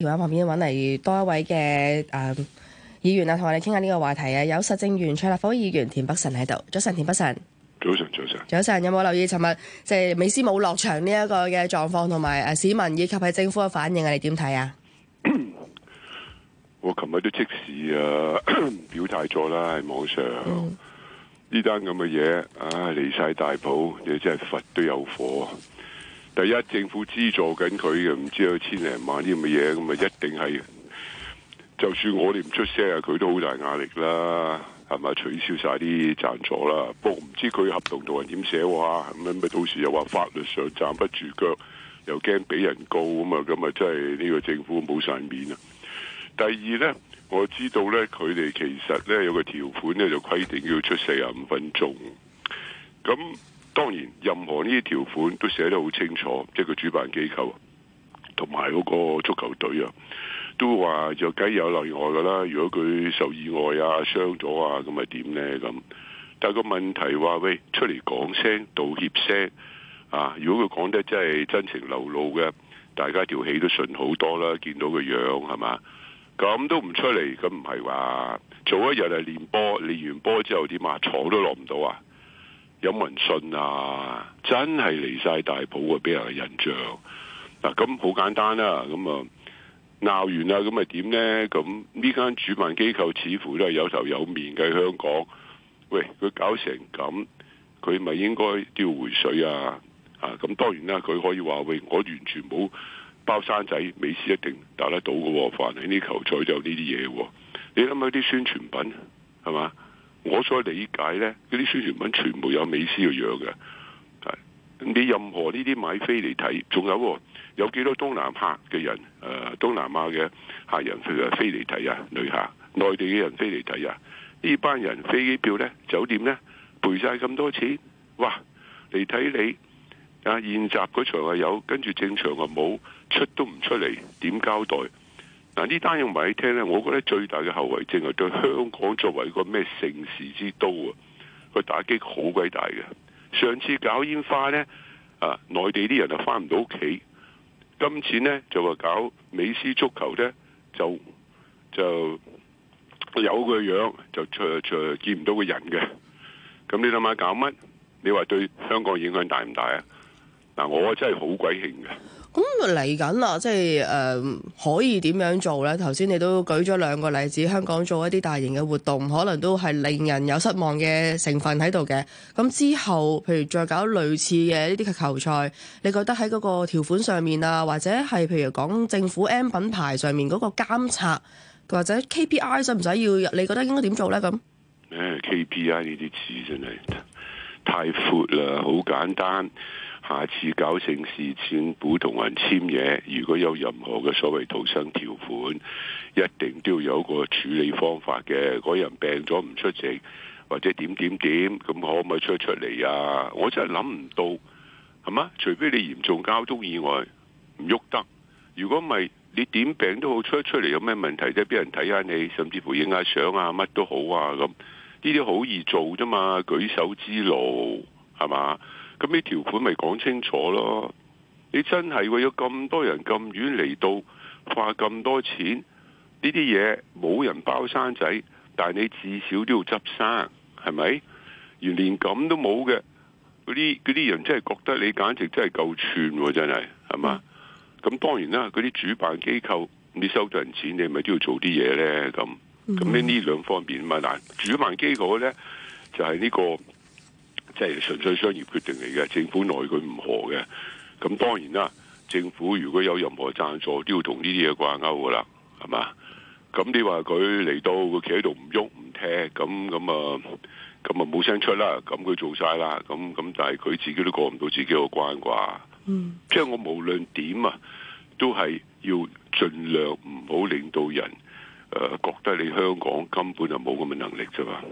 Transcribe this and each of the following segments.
電話旁邊揾嚟多一位嘅，誒、嗯、議員啊，同我哋傾下呢個話題啊。有實政圓桌立法會議員田北辰喺度。早晨，田北辰。早晨，早晨。早晨，有冇留意尋日即係美斯冇落場呢一個嘅狀況，同埋誒市民以及係政府嘅反應啊？你點睇啊？我琴日都即時啊 表態咗啦，喺網上呢單咁嘅嘢啊，離晒大譜，你真係佛都有火。第一，政府資助緊佢嘅，唔知有千零萬啲咁嘅嘢，咁咪一定係。就算我哋唔出聲啊，佢都好大壓力啦，係咪取消曬啲贊助啦？不過唔知佢合同同人點寫喎，咁咪到時又話法律上站不住腳，又驚俾人告咁啊，咁啊真係呢個政府冇曬面啊。第二咧，我知道咧，佢哋其實咧有個條款咧就規定要出四十五分鐘，咁。當然，任何呢啲條款都寫得好清楚，即係個主辦機構同埋嗰個足球隊啊，都話有計有例外㗎啦。如果佢受意外啊、傷咗啊，咁咪點呢？咁但個問題話：喂，出嚟講聲、道歉聲啊！如果佢講得真係真情流露嘅，大家條氣都順好多啦。見到個樣係嘛？咁都唔出嚟，咁唔係話早一日嚟練波，練完波之後點啊？坐都落唔到啊！有冇人信啊？真係離晒大譜啊！俾人印象嗱，咁、啊、好簡單啦、啊，咁啊鬧完啦，咁啊點呢？咁呢間主辦機構似乎都係有頭有面嘅香港。喂，佢搞成咁，佢咪應該都要回水啊？啊，咁當然啦，佢可以話喂，我完全冇包生仔，美斯一定打得到嘅、啊。凡係啲球賽都有呢啲嘢。你諗下啲宣傳品係嘛？我所理解呢，嗰啲宣傳品全部有美斯嘅樣嘅，你任何呢啲買飛嚟睇，仲有喎，有幾多東南亞嘅人，誒、啊，東南亞嘅客人佢飛嚟睇啊，旅客，內地嘅人飛嚟睇啊，呢班人飛機票呢，酒店呢，賠晒咁多錢，哇，嚟睇你啊，現集嗰場啊有，跟住正場啊冇，出都唔出嚟，點交代？嗱呢單用埋你聽咧，我覺得最大嘅後遺症係對香港作為一個咩盛事之都啊，個打擊好鬼大嘅。上次搞煙花咧，啊內地啲人就翻唔到屋企，今次咧就話搞美斯足球咧，就就有個樣就除除見唔到個人嘅。咁你諗下搞乜？你話對香港影響大唔大啊？嗱，我真係好鬼興嘅。咁嚟緊啦，即係誒、呃、可以點樣做呢？頭先你都舉咗兩個例子，香港做一啲大型嘅活動，可能都係令人有失望嘅成分喺度嘅。咁之後，譬如再搞類似嘅呢啲球賽，你覺得喺嗰個條款上面啊，或者係譬如講政府 M 品牌上面嗰個監察，或者 KPI 使唔使要？你覺得應該點做呢？咁 KPI 呢啲字真係太闊啦，好簡單。下次搞成事前，政府同人簽嘢，如果有任何嘅所謂逃生條款，一定都要有一個處理方法嘅。嗰人病咗唔出席，或者點點點，咁可唔可以出一出嚟啊？我真係諗唔到，係嘛？除非你嚴重交通意外唔喐得，如果唔係你點病都好出一出嚟，有咩問題啫？俾人睇下你，甚至乎影下相啊，乜都好啊咁。呢啲好易做啫嘛，舉手之勞係嘛？咁呢條款咪講清楚咯！你真係為咗咁多人咁遠嚟到花咁多錢，呢啲嘢冇人包生仔，但係你至少都要執生，係咪？原連咁都冇嘅嗰啲嗰啲人，真係覺得你簡直真係夠串喎、啊！真係係嘛？咁當然啦，嗰啲主辦機構你收咗人錢，你咪都要做啲嘢咧。咁咁呢呢兩方面嘛，嗱，主辦機構咧就係、是、呢、這個。即係純粹商業決定嚟嘅，政府奈佢唔何嘅。咁當然啦，政府如果有任何贊助，都要同呢啲嘢掛鈎噶啦，係嘛？咁你話佢嚟到佢企喺度唔喐唔踢，咁咁啊，咁啊冇聲出啦，咁佢做晒啦，咁咁但係佢自己都過唔到自己個關啩。嗯，即係我無論點啊，都係要盡量唔好令到人誒、呃、覺得你香港根本就冇咁嘅能力啫嘛，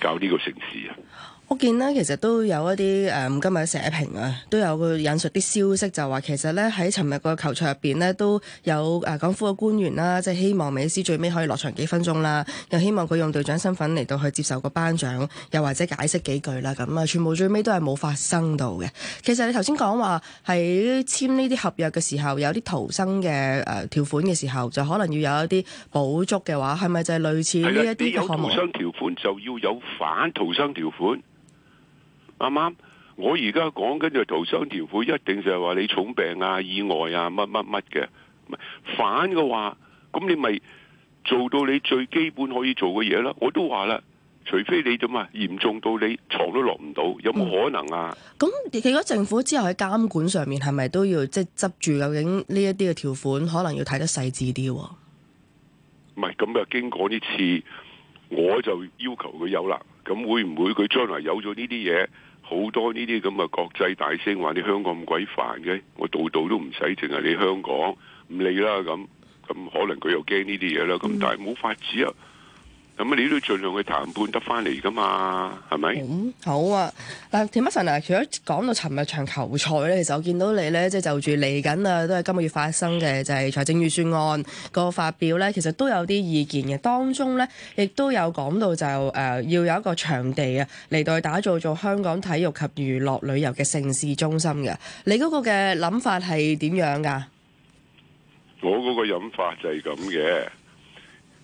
搞呢個城市啊。我見呢，其實都有一啲誒、嗯、今日嘅社評啊，都有個引述啲消息，就話其實呢，喺尋日個球場入面呢，都有、啊、港府嘅官員啦、啊，即係希望美斯最尾可以落場幾分鐘啦，又希望佢用隊長身份嚟到去接受個頒獎，又或者解釋幾句啦，咁啊，全部最尾都係冇發生到嘅。其實你頭先講話喺簽呢啲合約嘅時候，有啲逃生嘅誒、呃、條款嘅時候，就可能要有一啲補足嘅話，係咪就係類似呢一啲嘅項目？有逃生條款就要有反逃生條款。啱啱。我而家講緊逃生條款一定就係話你重病啊、意外啊、乜乜乜嘅，反嘅話，咁你咪做到你最基本可以做嘅嘢咯。我都話啦，除非你點啊嚴重到你床都落唔到，有冇可能啊？咁、嗯、如果政府之後喺監管上面，係咪都要即係執住究竟呢一啲嘅條款，可能要睇得細緻啲？唔係咁啊！經過呢次，我就要求佢有啦。咁會唔會佢將來有咗呢啲嘢？好多呢啲咁嘅國際，大聲話你香港咁鬼煩嘅，我度度都唔使淨係你香港唔理啦咁，咁可能佢又驚呢啲嘢啦，咁但係冇法子啊。咁你都盡量去談判得翻嚟噶嘛？係咪？嗯，好啊！嗱，田北辰啊，除咗講到尋日場球賽咧，其實我見到你咧，即就住嚟緊啊，都係今個月發生嘅，就係財政預算案個發表咧，其實都有啲意見嘅。當中咧，亦都有講到就誒、呃，要有一個場地啊，嚟到去打造做香港體育及娛樂旅遊嘅盛事中心嘅。你嗰個嘅諗法係點樣噶？我嗰個諗法就係咁嘅。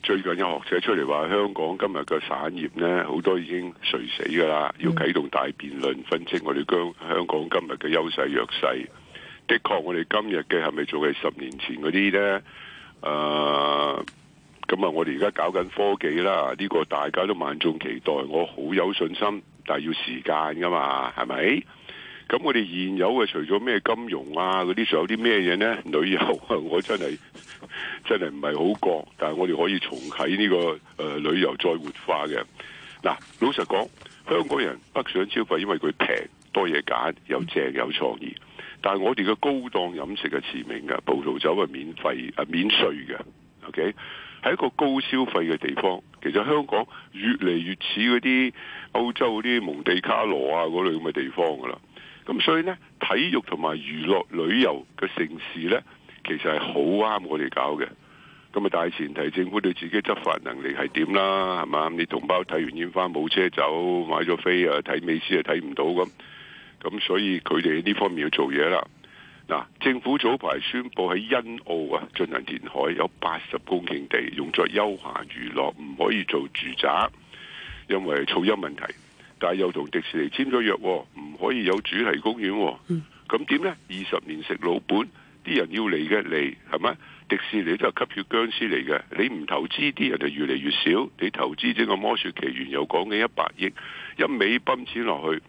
最近有學者出嚟話香港今日嘅產業呢，好多已經垂死噶啦，要啟動大辯論，分清我哋香港今日嘅優勢弱勢。的確，我哋今日嘅係咪做緊十年前嗰啲呢？咁啊，我哋而家搞緊科技啦，呢個大家都萬眾期待，我好有信心，但係要時間噶嘛，係咪？咁我哋現有嘅除咗咩金融啊嗰啲，仲有啲咩嘢呢？旅遊我真係真係唔係好覺，但係我哋可以重啟呢、這個誒、呃、旅遊再活化嘅。嗱，老實講，香港人北上消費，因為佢平，多嘢揀，有正有創意。但係我哋嘅高檔飲食嘅馳名嘅，葡萄酒係免費啊免稅嘅。OK，喺一個高消費嘅地方，其實香港越嚟越似嗰啲歐洲嗰啲蒙地卡羅啊嗰類咁嘅地方噶啦。咁所以呢，體育同埋娛樂旅遊嘅城市呢，其實係好啱我哋搞嘅。咁啊，大前提政府對自己執法能力係點啦，係嘛？你同胞睇完煙花冇車走，買咗飛啊睇美斯啊睇唔到咁，咁所以佢哋喺呢方面要做嘢啦。嗱，政府早排宣布喺欣澳啊進行填海有80公地，有八十公頃地用作休閒娛樂，唔可以做住宅，因為噪音問題。但又同迪士尼簽咗約，唔可以有主題公園。咁點呢？二十年食老本，啲人要嚟嘅嚟，係咪？迪士尼就吸血僵屍嚟嘅。你唔投資啲人就越嚟越少。你投資整個魔雪奇緣又講緊一百億，一味泵錢落去。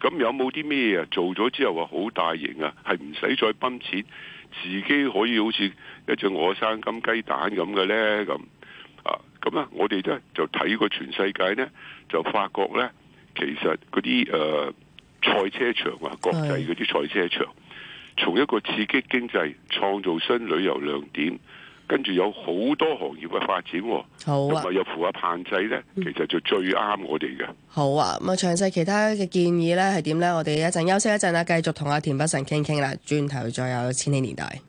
咁有冇啲咩啊？做咗之後話好大型啊，係唔使再泵錢，自己可以好似一隻鵝生金雞蛋咁嘅呢。咁啊？咁啊，我哋咧就睇過全世界呢，就發覺呢。其實嗰啲誒賽車場啊，國際嗰啲賽車場，從的一個刺激經濟、創造新旅遊亮點，跟住有好多行業嘅發展，同埋、啊、有扶下棒仔咧，其實就最啱我哋嘅、嗯。好啊，咁啊，詳細其他嘅建議咧係點咧？我哋一陣休息一陣啦，繼續同阿田北辰傾傾啦，轉頭再有千禧年代。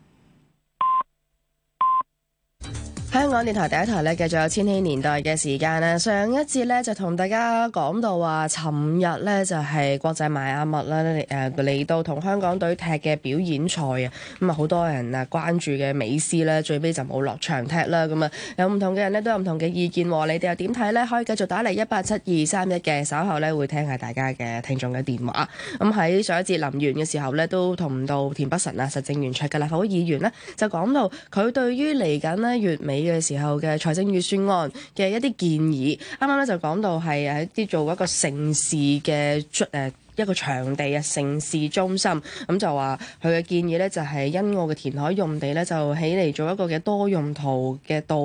香港電台第一台咧，繼續有千禧年代嘅時間咧。上一節咧就同大家講到話，尋日咧就係、是、國際邁阿密啦，嚟誒嚟到同香港隊踢嘅表演賽啊。咁啊，好多人啊關注嘅美斯咧，最尾就冇落場踢啦。咁啊，有唔同嘅人咧都有唔同嘅意見。你哋又點睇咧？可以繼續打嚟一八七二三一嘅，稍後咧會聽下大家嘅聽眾嘅電話。咁、啊、喺上一節臨完嘅時候咧，都同唔到田北辰啊、實政圓桌嘅立法會議員呢，就講到佢對於嚟緊呢月尾。嘅時候嘅財政預算案嘅一啲建議，啱啱咧就講到係一啲做一個城市嘅出誒。一個場地啊，城市中心，咁就話佢嘅建議咧，就係因我嘅填海用地咧，就起嚟做一個嘅多用途嘅道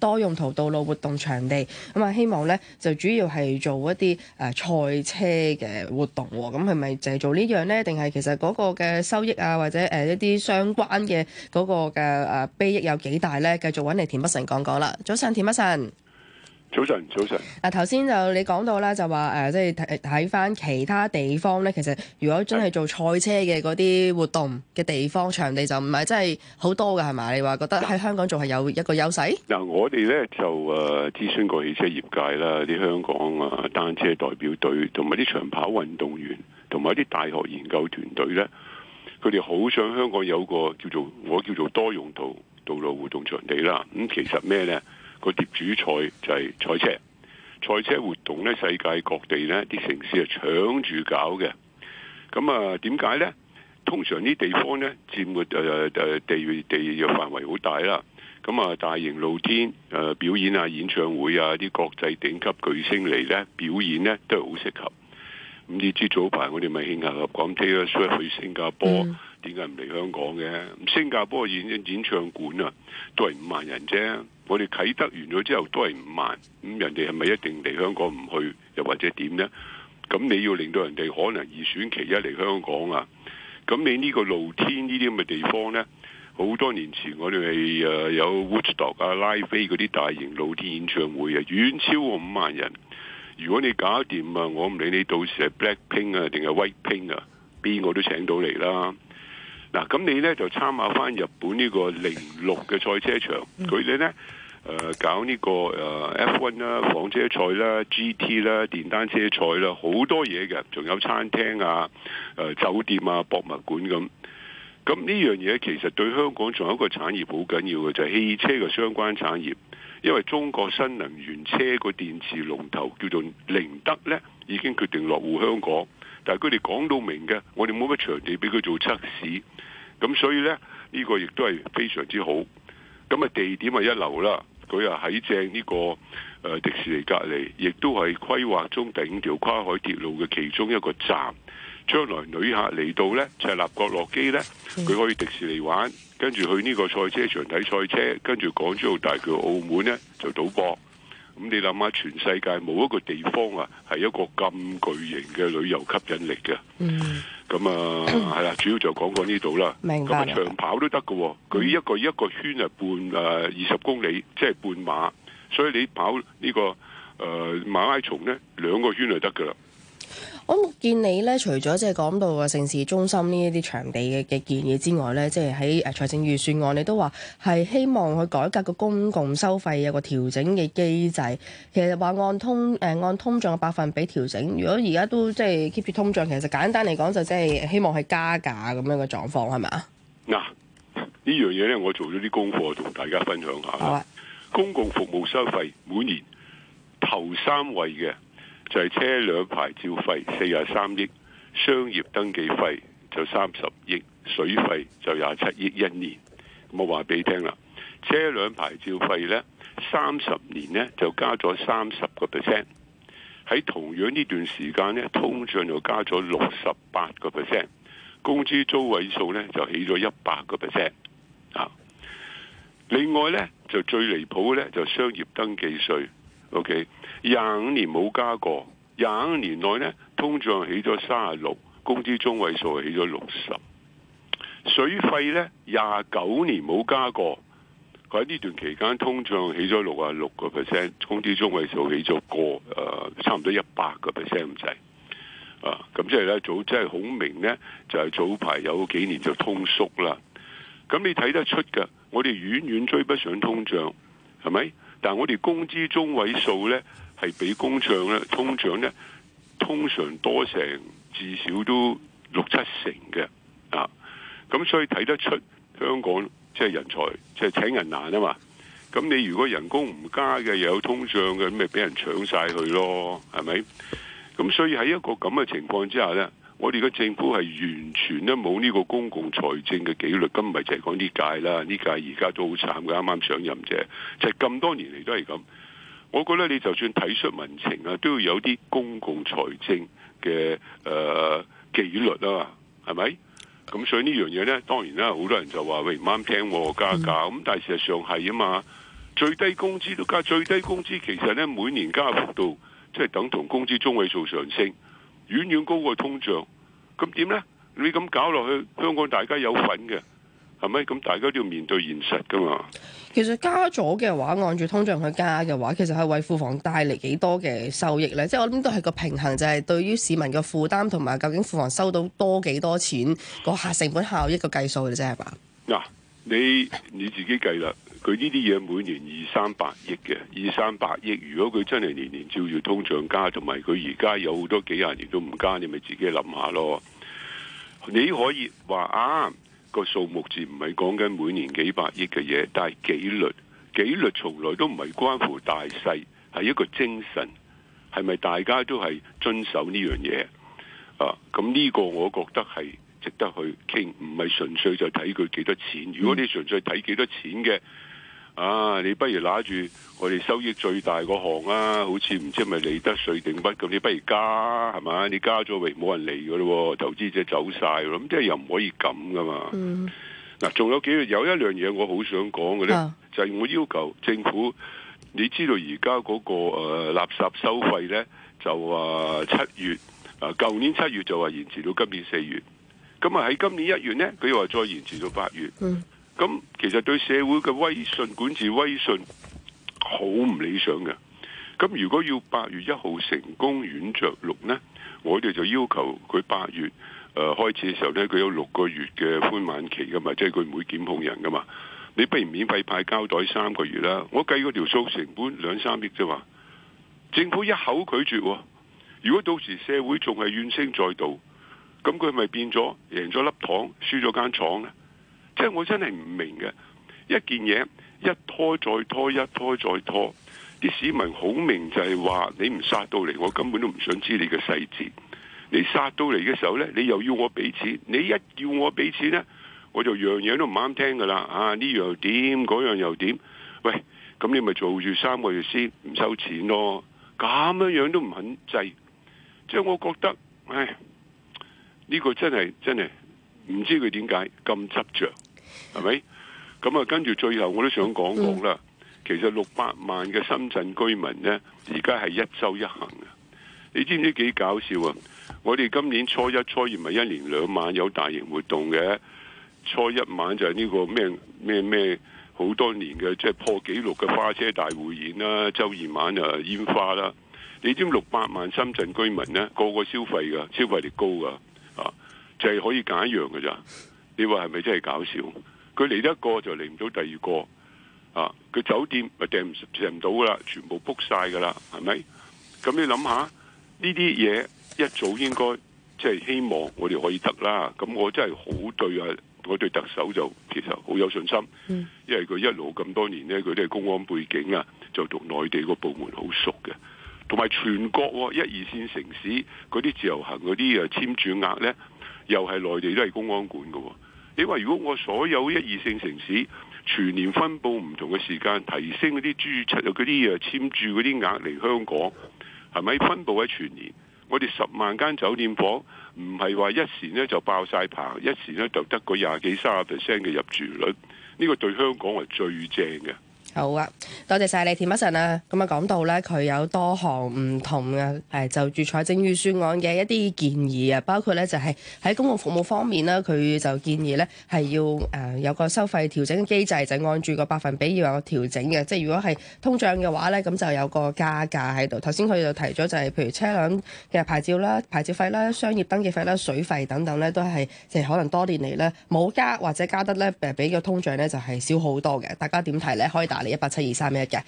多用途道路活動場地咁啊，希望咧就主要係做一啲誒賽車嘅活動喎、哦。咁係咪就係做樣呢樣咧？定係其實嗰個嘅收益啊，或者一啲相關嘅嗰個嘅誒裨益有幾大咧？繼續揾嚟田北辰講講啦。早晨，田北辰。早晨，早晨。嗱、啊，頭先就你講到啦，就話誒，即係睇睇翻其他地方咧。其實如果真係做賽車嘅嗰啲活動嘅地方，場地就，就唔係真係好多噶，係咪？你話覺得喺香港仲係有一個優勢？嗱、啊，我哋咧就誒諮詢過汽車業界啦，啲香港啊單車代表隊，同埋啲長跑運動員，同埋一啲大學研究團隊咧，佢哋好想香港有個叫做我叫做多用途道，道路活動場地啦。咁、嗯、其實咩咧？嗰個碟主菜就係、是、賽車，賽車活動咧，世界各地呢啲城市啊搶住搞嘅。咁啊，點解呢？通常啲地方呢，佔個誒誒地域地域嘅範圍好大啦。咁啊，大型露天誒、呃、表演啊、演唱會啊，啲國際頂級巨星嚟呢，表演呢都係好適合。咁呢支早排我哋咪興下 Taylor Swift 啊，所以去新加坡。嗯點解唔嚟香港嘅？新加坡演演唱館啊，都係五萬人啫。我哋啟德完咗之後都係五萬。咁人哋係咪一定嚟香港唔去，又或者點呢？咁你要令到人哋可能二選其一嚟香港啊？咁你呢個露天呢啲咁嘅地方呢，好多年前我哋係有 Woodstock 啊、拉菲嗰啲大型露天演唱會啊，遠超過五萬人。如果你搞掂啊，我唔理你到時係 Blackpink 啊定係 Whitepink 啊，邊個、啊、都請到你啦。嗱，咁你咧就參考翻日本呢個零六嘅賽車場，佢哋咧誒搞呢個誒 F1 啦、房車賽啦、GT 啦、電單車賽啦，好多嘢嘅，仲有餐廳啊、誒、呃、酒店啊、博物館咁、啊。咁呢樣嘢其實對香港仲有一個產業好緊要嘅，就係、是、汽車嘅相關產業，因為中國新能源車個電池龍頭叫做寧德咧，已經決定落戶香港。但係佢哋講到明嘅，我哋冇乜場地俾佢做測試，咁所以呢，呢個亦都係非常之好。咁啊地點啊一流啦，佢又喺正呢個誒，呃，迪士尼隔離，亦都係規劃中第五條跨海鐵路嘅其中一個站。將來旅客嚟到呢，赤鱲角落機呢，佢可以迪士尼玩，跟住去呢個賽車場睇賽車，跟住港珠澳大橋澳門呢，就賭博。咁你諗下，全世界冇一個地方啊，係一個咁巨型嘅旅遊吸引力嘅。嗯。咁啊，係啦， 主要就講過呢度啦。明白啦。咁啊，長跑都得嘅。佢一個一個圈係，半誒二十公里，即係半馬，所以你跑，這個呃，呢個誒馬拉松咧，兩個圈就得嘅啦。我見你咧，除咗即係講到個城市中心呢一啲場地嘅嘅建議之外咧，即係喺財政預算案，你都話係希望去改革個公共收費有個調整嘅機制。其實話按通誒按通脹嘅百分比調整，如果而家都即係 keep 住通脹，其實簡單嚟講就即係希望係加價咁樣嘅狀況係咪？嗱，呢樣嘢咧，我做咗啲功課同大家分享下。好啊，公共服務收費每年頭三位嘅。就係車輛牌照費四十三億，商業登記費就三十億，水費就廿七億一年。我話俾你聽啦，車輛牌照費呢三十年呢就加咗三十個 percent，喺同樣呢段時間呢，通脹就加咗六十八個 percent，工資租位數呢就起咗一百個 percent 啊，另外呢，就最離譜呢就商業登記稅，OK。廿五年冇加過，廿五年內咧，通脹起咗三啊六，工資中位數起咗六十。水費咧，廿九年冇加過，佢喺呢段期間通脹起咗六啊六個 percent，工資中位數起咗個誒，差唔多一百個 percent 咁滯。啊，咁即係咧，早即係孔明咧，就係、是就是、早排有幾年就通縮啦。咁你睇得出㗎，我哋遠遠追不上通脹，係咪？但係我哋工資中位數咧。係比工漲咧，通脹咧，通常多成至少都六七成嘅啊！咁所以睇得出香港即係、就是、人才，即係請人難啊嘛！咁你如果人工唔加嘅，又有通脹嘅，咁咪俾人搶晒去咯，係咪？咁所以喺一個咁嘅情況之下咧，我哋嘅政府係完全都冇呢個公共財政嘅紀律，咁咪就係講呢屆啦，呢屆而家都好慘嘅，啱啱上任啫，即係咁多年嚟都係咁。我覺得你就算體恤民情啊，都要有啲公共財政嘅誒、呃、紀律啊，係咪？咁所以呢樣嘢呢，當然啦，好多人就話喂，唔啱聽喎，加價咁，但係事實上係啊嘛，最低工資都加，最低工資其實呢，每年加幅度，即係等同工資中位數上升，遠遠高過通脹，咁點呢？你咁搞落去，香港大家有份嘅。係咪咁？大家都要面對現實㗎嘛。其實加咗嘅話，按住通脹去加嘅話，其實係為庫房帶嚟幾多嘅收益咧？即係我諗都係個平衡，就係、是、對於市民嘅負擔同埋，究竟庫房收到多幾多錢個下成本效益個計數嘅啫，係嘛？嗱、啊，你你自己計啦。佢呢啲嘢每年二三百億嘅，二三百億。如果佢真係年年照住通脹加，同埋佢而家有好多幾廿年都唔加，你咪自己諗下咯。你可以話啊。個數目字唔係講緊每年幾百億嘅嘢，但係紀律，紀律從來都唔係關乎大細，係一個精神，係咪大家都係遵守呢樣嘢啊？咁呢個我覺得係值得去傾，唔係純粹就睇佢幾多錢。如果你純粹睇幾多錢嘅。啊！你不如拿住我哋收益最大嗰行啊，好似唔知咪利得稅定乜咁，你不如加係、啊、咪？你加咗咪冇人嚟噶咯？投資者走晒咯，咁即係又唔可以咁噶嘛？嗱、嗯，仲、啊、有幾個，有一樣嘢我好想講嘅咧，啊、就係我要求政府，你知道而家嗰個誒、啊、垃圾收費咧，就話七月啊，舊年七月就話延遲到今年四月，咁啊喺今年一月咧，佢又話再延遲到八月。嗯。咁其實對社會嘅威信、管治威信好唔理想嘅。咁如果要八月一號成功軟着陸呢，我哋就要求佢八月誒、呃、開始嘅時候呢，佢有六個月嘅寬限期噶嘛，即係佢唔會檢控人噶嘛。你不如免費派膠袋三個月啦。我計嗰條數成本兩三億啫嘛。政府一口拒絕喎。如果到時社會仲係怨聲載道，咁佢咪變咗贏咗粒糖，輸咗間廠呢？即係我真係唔明嘅一件嘢，一拖再拖，一拖再拖，啲市民好明就係話你唔殺到嚟，我根本都唔想知你嘅細節。你殺到嚟嘅時候呢，你又要我俾錢，你一要我俾錢呢，我就樣樣都唔啱聽噶啦啊！呢樣又點，嗰樣又點？喂，咁你咪做住三個月先，唔收錢咯。咁樣樣都唔肯制，即係我覺得，唉，呢個真係真係唔知佢點解咁執着。係咪？咁啊，跟住最後我都想講講啦。其實六百萬嘅深圳居民呢，而家係一周一行啊。你知唔知幾搞笑啊？我哋今年初一初二咪一年兩晚有大型活動嘅。初一晚就係呢個咩咩咩，好多年嘅即係破紀錄嘅花車大會演啦，周二晚啊煙花啦。你知六百萬深圳居民呢？個個消費噶，消費力高噶啊，就係可以揀一樣噶咋？你話係咪真係搞笑？佢嚟得一個就嚟唔到第二個，啊！佢酒店咪訂唔訂唔到噶啦，全部 book 晒噶啦，係咪？咁你諗下呢啲嘢一早應該即係、就是、希望我哋可以得啦。咁我真係好對啊！我對特首就其實好有信心，嗯、因為佢一路咁多年呢，佢都係公安背景啊，就同內地個部門好熟嘅，同埋全國、哦、一二線城市嗰啲自由行嗰啲誒簽注額呢，又係內地都係公安管喎、哦。你話，如果我所有一二線城市全年分布唔同嘅時間提升嗰啲豬出嗰啲啊簽注嗰啲額嚟香港，係咪分布喺全年？我哋十萬間酒店房唔係話一時呢就爆晒棚，一時呢就得個廿幾、卅 percent 嘅入住率，呢個對香港係最正嘅。好啊，多謝晒你田北辰啊。咁啊講到咧，佢有多項唔同啊，就住財政預算案嘅一啲建議啊，包括咧就係喺公共服務方面啦，佢就建議咧係要有個收費調整嘅機制，就是、按住個百分比要有個調整嘅。即係如果係通脹嘅話咧，咁就有個加價喺度。頭先佢就提咗就係、是、譬如車輛嘅牌照啦、牌照費啦、商業登記費啦、水費等等咧，都係即係可能多年嚟咧冇加或者加得咧比個通脹咧就係少好多嘅。大家點睇咧？可以打。嚟一八七二三一嘅